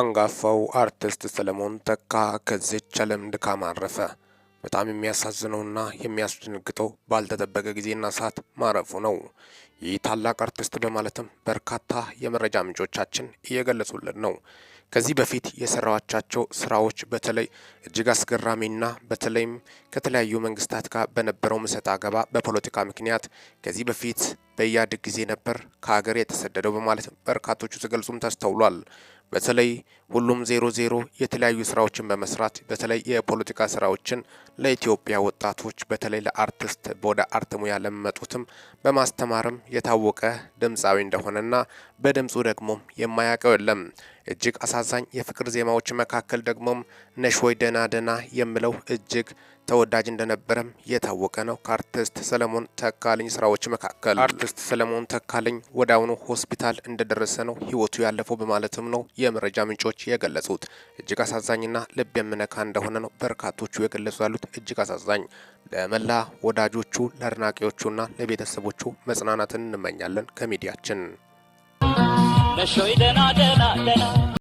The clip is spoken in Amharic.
አንጋፋው አርቲስት ሰለሞን ተካ ከዚች ዓለም ድካም አረፈ። በጣም የሚያሳዝነውና የሚያስደነግጠው ባልተጠበቀ ጊዜና ሰዓት ማረፉ ነው። ይህ ታላቅ አርቲስት በማለትም በርካታ የመረጃ ምንጮቻችን እየገለጹልን ነው። ከዚህ በፊት የሰራቻቸው ስራዎች በተለይ እጅግ አስገራሚና በተለይም ከተለያዩ መንግስታት ጋር በነበረው ምሰጥ አገባ በፖለቲካ ምክንያት ከዚህ በፊት በያድግ ጊዜ ነበር ከሀገር የተሰደደው በማለት በርካቶቹ ሲገልጹም ተስተውሏል። በተለይ ሁሉም ዜሮ ዜሮ የተለያዩ ስራዎችን በመስራት በተለይ የፖለቲካ ስራዎችን ለኢትዮጵያ ወጣቶች በተለይ ለአርቲስት ወደ አርት ሙያ በማስተማርም የታወቀ ድምፃዊ እንደሆነና በድምፁ ደግሞ የማያውቀው የለም። እጅግ አሳዛኝ የፍቅር ዜማዎች መካከል ደግሞም ነሽ ወይ ደና ደና የምለው እጅግ ተወዳጅ እንደነበረም የታወቀ ነው። ከአርቲስት ሰለሞን ተካልኝ ስራዎች መካከል አርቲስት ሰለሞን ተካልኝ አሁኑ ሆስፒታል እንደደረሰ ነው ህይወቱ ያለፈው በማለትም ነው የመረጃ ምንጮች የገለጹት። እጅግ አሳዛኝና ልብ የምነካ እንደሆነ ነው በርካቶቹ የገለጹ ያሉት። እጅግ አሳዛኝ። ለመላ ወዳጆቹ ለአድናቂዎቹና ለቤተሰቦቹ መጽናናትን እንመኛለን ከሚዲያችን